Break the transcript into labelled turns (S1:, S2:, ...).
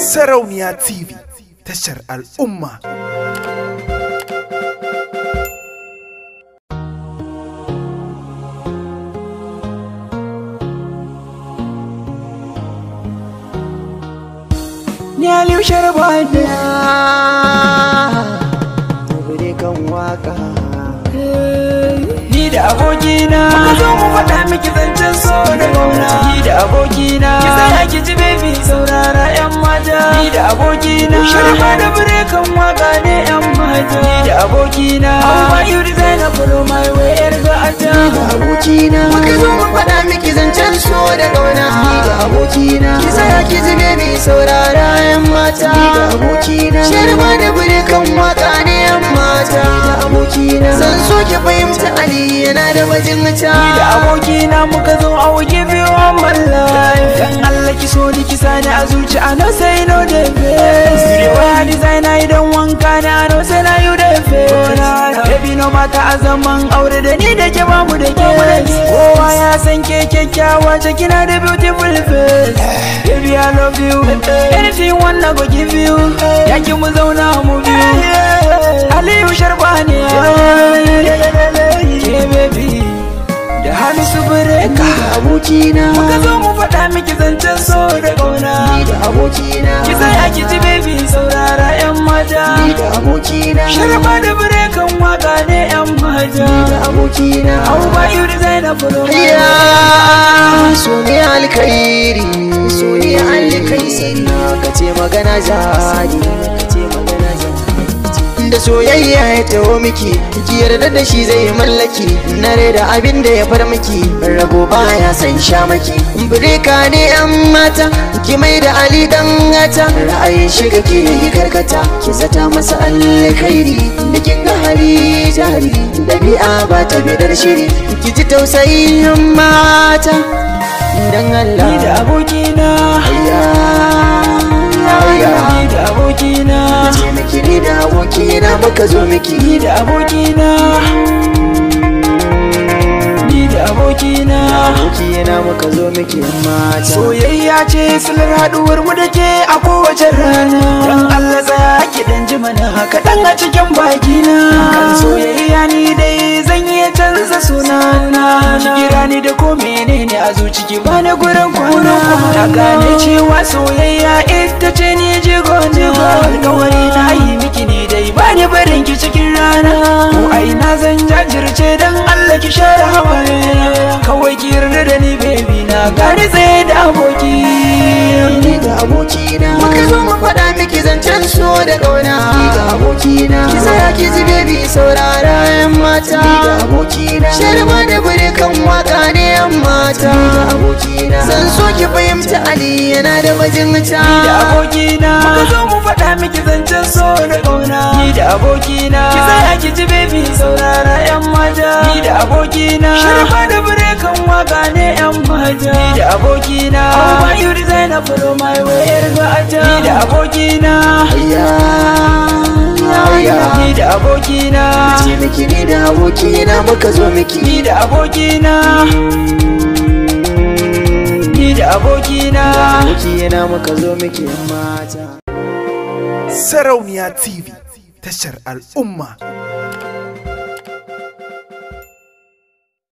S1: Sarauniya TV tashar al'umma. Ni
S2: kan waka.
S1: da abokina zo mu faɗa miki zancen so da da abokina Ki ni da abokina sharha da burekan waka ne yan mata
S2: ni da abokina amma you design a follow my way yar za a ta ni da abokina muka zo mu faɗa miki zancen so da ƙauna ni da abokina ki saya ki ji baby saurara yan mata ni da abokina sharha da burekan waka ne yan mata ni da abokina zan so ki fahimta ali yana da bajin ta ni da abokina muka zo a wuke biyu mallai ki so ni ki ni
S1: a zuci a no say no dey vex Studio designer idan wanka na I no say na you dey face Baby no mata a zaman aure da ni da ke bamu da ke Kowa ya san ke kyakkyawa ce kina da beautiful face Baby I love you Anything wanna go give you Yaki mu zauna mu biyu Aliyu Sharbani Ke baby Da hannu su bureka Abokina Muka zo mu faɗa abokina
S2: sharba da birekan waka ne yan maja da abokina au ba yuri zainab ya so ne alkhairi so ne alkhairi sannan ka ce magana jari da soyayya ya taho miki ki yarda da shi zai mallaki na da abin da ya far miki rabo baya san sha maki Bureka ne yan mata ki mai da ali dan gata ra'ayin shi kake yi karkata ki zata masa alkhairi Da ga hari jari dabi'a ba ta bidar shiri ki ji tausayin mata dan Allah da aboki abokina muka zo miki ni da abokina
S1: ni da abokina abokina muka zo miki mata soyayya ce silar haduwar mu da ke a kowace rana dan Allah za ki dan ji mana haka dan a cikin bakina na soyayya ni dai zan iya canza sunana ki kira ni da ko menene a zo ciki ba na gurin kwana na gane cewa soyayya ita ce ni jigon jigon alƙawari na yi rana ko a ina zan jajirce dan Allah ki share hawaye
S2: kawai ki yarda da ni baby na gari tsaye da aboki ni ga aboki na muka zo mu faɗa miki zancen so da ƙauna ni ga aboki na ki tsaya ki ji baby saurara yan mata ni ga aboki na sharma da gure kan waka ne yan mata ni ga aboki na san so ki fahimta Ali yana da bajin ta ni da aboki na muka zo mu faɗa miki zancen so ki abokina
S1: ki tsaya ki ji baby saurara yan mata ni da abokina sharfa da burekan waka ne yan mata ni da abokina oh you design up for my way
S2: yar gata ni da abokina ni da abokina ci miki ni da abokina muka zo miki ni da abokina ni da abokina abokina muka
S1: zo miki yan mata Sarauniya TV tashar al'umma.